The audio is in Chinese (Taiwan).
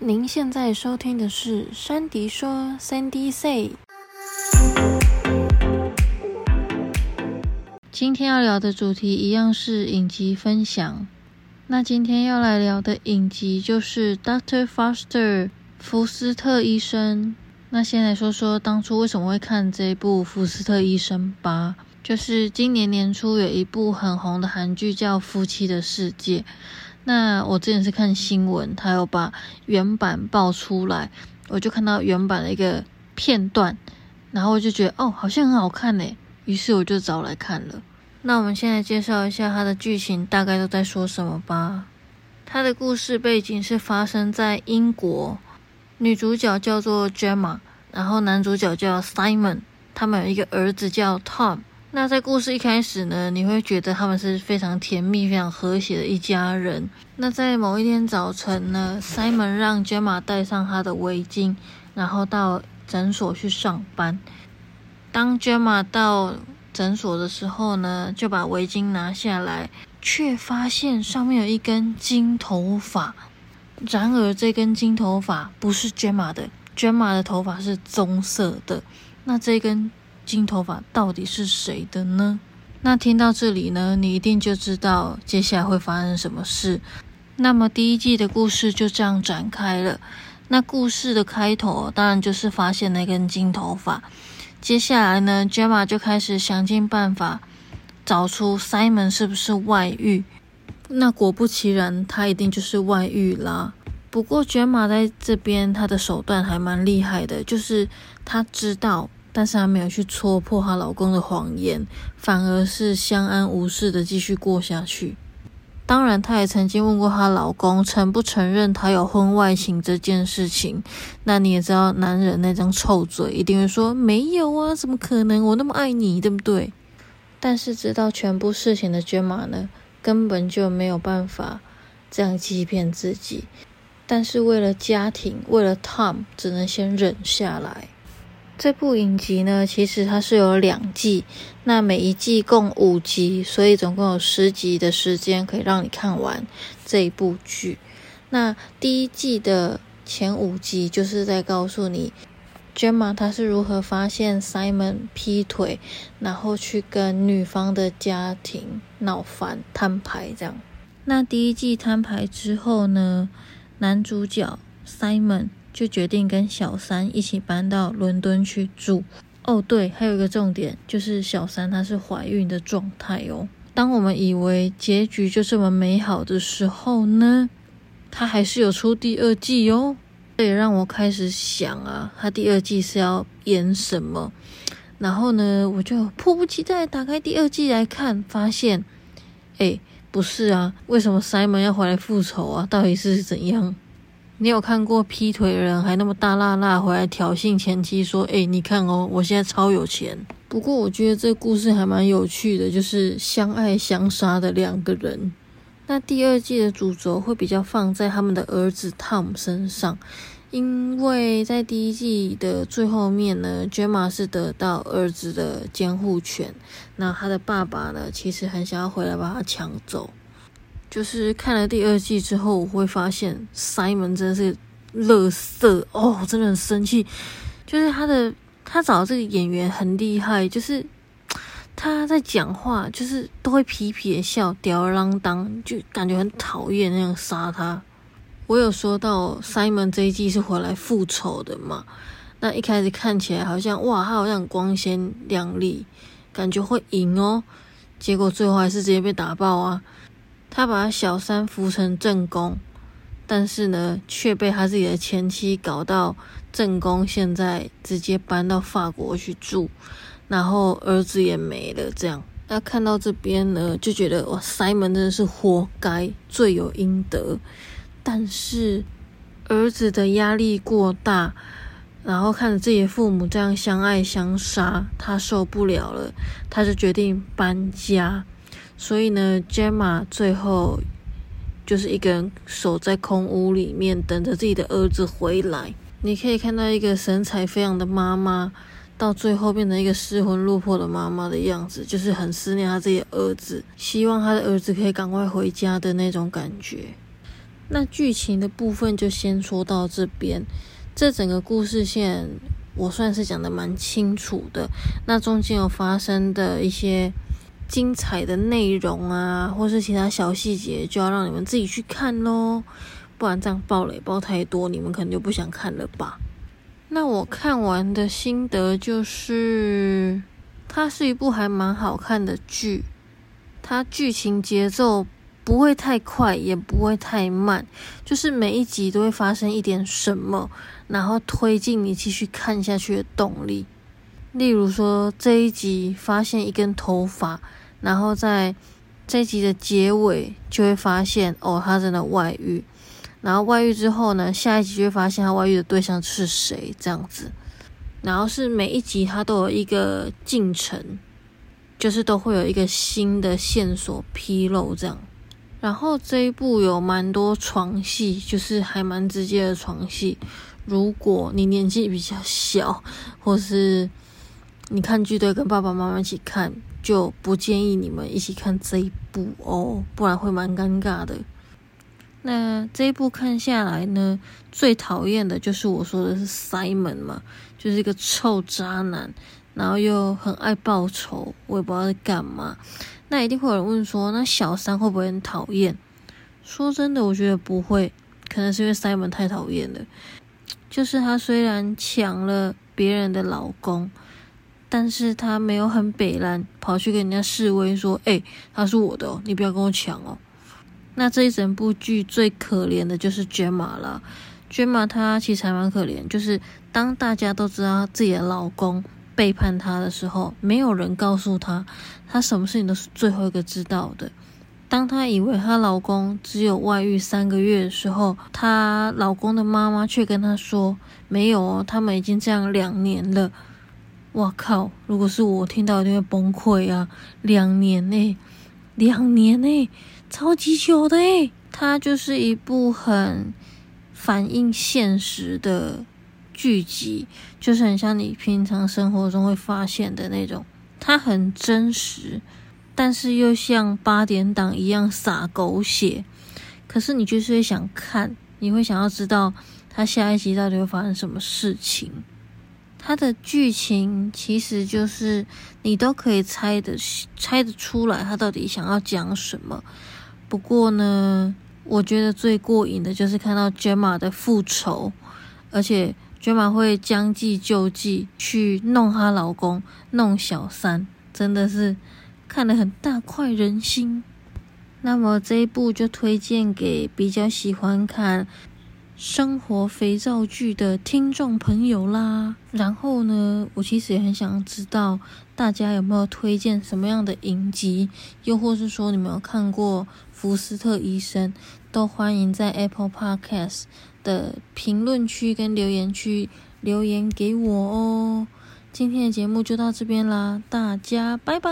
您現在收聽的是珊迪說 （Sandy Say）。今天要聊的主題一樣是影集分享。那今天要來聊的影集就是《Doctor Foster》（福斯特醫生）。那先來說說當初為什麼會看這部《福斯特醫生》吧？就是今年年初有一部很紅的韓劇叫《夫妻的世界》。那我之前是看新聞，他有把原版爆出來，我就看到原版的一個片段，然後我就覺得哦，好像很好看哎，於是我就找來看了。那我們現在介紹一下它的劇情大概都在說什麼吧。它的故事背景是發生在英國，女主角叫做 Gemma，然後男主角叫 Simon，他們有一個兒子叫 Tom。那在故事一開始呢，你會覺得他們是非常甜蜜、非常和諧的一家人。那在某一天早晨呢 ，Simon 讓 Jemma 戴上他的圍巾，然後到診所去上班。當 Jemma 到診所的時候呢，就把圍巾拿下來，卻發現上面有一根金頭髮。然而，這根金頭髮不是 Jemma 的，Jemma 的頭髮是棕色的。那這根。金頭髮到底是誰的呢？那聽到這裡呢，你一定就知道接下來會發生什麼事。那麼第一季的故事就這樣展開了。那故事的開頭當然就是發現了一根金頭髮。接下來呢，傑瑪就開始想盡辦法找出 Simon 是不是外遇。那果不其然，他一定就是外遇啦。不過傑瑪在這邊，他的手段還蠻厲害的，就是他知道。但是她沒有去戳破她老公的謊言，反而是相安無事的繼續過下去。當然，她也曾經問過她老公承不承認他有婚外情這件事情。那你也知道，男人那張臭嘴一定會說沒有啊，怎麼可能？我那麼愛你，對不對？但是知道全部事情的 Gemma 呢，根本就沒有辦法這樣欺騙自己。但是為了家庭，為了 Tom，只能先忍下來。這部影集呢，其實它是有兩季，那每一季共五集，所以總共有十集的時間可以讓你看完這一部劇。那第一季的前五集就是在告訴你，Gemma 她是如何發現 Simon 劈腿，然後去跟女方的家庭鬧翻、攤牌這樣。那第一季攤牌之後呢，男主角 Simon。就決定跟小三一起搬到倫敦去住。哦，對，還有一個重點就是小三她是懷孕的狀態哦。當我們以為結局就這麼美好的時候呢，她還是有出第二季哦。這也讓我開始想啊，她第二季是要演什麼？然後呢，我就迫不及待打開第二季來看，發現，哎，不是啊，為什麼塞門要回來復仇啊？到底是怎樣？你有看過劈腿的人還那麼大剌剌回來挑釁前妻說：“哎、欸，你看哦，我現在超有錢。”不過我覺得這故事還蠻有趣的，就是相愛相殺的兩個人。那第二季的主軸會比較放在他們的兒子湯姆身上，因為在第一季的最後面呢，Gemma 是得到兒子的監護權，那他的爸爸呢，其實很想要回來把他搶走。就是看了第二季之後，我會發現 Simon 真的是垃圾哦，真的很生氣。就是他的他找的這個演員很厲害，就是他在講話就是都會皮皮的笑，吊兒郎當，就感覺很討厭那樣殺他。我有說到 Simon 這一季是回來復仇的嘛？那一開始看起來好像哇，他好像光鮮亮麗，感覺會贏哦，結果最後還是直接被打爆啊！他把小三扶成正宮，但是呢，卻被他自己的前妻搞到正宮，現在直接搬到法國去住，然後兒子也沒了。這樣，他、啊、看到這邊呢，就覺得哇塞，Simon 真的是活該，罪有應得。但是兒子的壓力過大，然後看着自己的父母這樣相愛相殺，他受不了了，他就決定搬家。所以呢，Gemma 最後就是一個人守在空屋裡面，等着自己的兒子回來。你可以看到一個神采飛揚的媽媽，到最後變成一個失魂落魄的媽媽的樣子，就是很思念她自己的兒子，希望她的兒子可以趕快回家的那種感覺。那劇情的部分就先說到這邊，這整個故事線我算是講的蠻清楚的。那中間有發生的一些。精彩的內容啊，或是其他小細節，就要讓你們自己去看咯。不然這樣爆雷爆太多，你們可能就不想看了吧。那我看完的心得就是，它是一部還蠻好看的劇，它劇情節奏不會太快，也不會太慢，就是每一集都會發生一點什麼，然後推進你繼續看下去的動力。例如說這一集發現一根頭髮，然後在這一集的結尾就會發現哦，他真的外遇，然後外遇之後呢，下一集就會發現他外遇的對象是誰這樣子，然後是每一集它都有一個進程，就是都會有一個新的線索披露這樣，然後這一部有蠻多床戲，就是還蠻直接的床戲，如果你年紀比較小或是。你看劇都，跟爸爸媽媽一起看就不建議你們一起看這一部哦，不然會蠻尷尬的。那這一部看下來呢，最討厭的就是我說的是 Simon 嘛，就是一個臭渣男，然後又很愛報仇，我也不知道在幹嘛。那一定會有人問說，那小三會不會很討厭？說真的，我覺得不會，可能是因為 Simon 太討厭了。就是他雖然搶了別人的老公，但是他沒有很北蘭跑去跟人家示威，說：“哎、欸，他是我的哦，你不要跟我搶哦。”那這一整部劇最可憐的就是 Gemma 了。Gemma 她其實還蠻可憐，就是當大家都知道自己的老公背叛她的時候，沒有人告訴她，她什麼事情都是最後一個知道的。當她以為她老公只有外遇三個月的時候，她老公的媽媽卻跟她說：“沒有哦，他們已經這樣兩年了。”哇靠！如果是我聽到，一定會崩潰啊！兩年呢，兩年呢，超級久的欸！它就是一部很反映現實的劇集，就是很像你平常生活中會發現的那種，它很真實，但是又像八點檔一樣撒狗血，可是你就是會想看，你會想要知道它下一集到底會發生什麼事情。他的劇情其實就是你都可以猜得猜得出來，他到底想要講什麼。不過呢，我覺得最過癮的就是看到 Jemma 的復仇，而且 Jemma 會將計就計去弄她老公、弄小三，真的是看得很大快人心。那麼這一部就推薦給比較喜歡看生活肥皂劇的聽眾朋友啦，然後呢，我其實也很想知道大家有沒有推薦什麼樣的影集，又或是說你有沒有看過《福斯特醫生》，都歡迎在 Apple Podcast 的評論區跟留言區留言給我哦。今天的節目就到這邊啦，大家拜拜。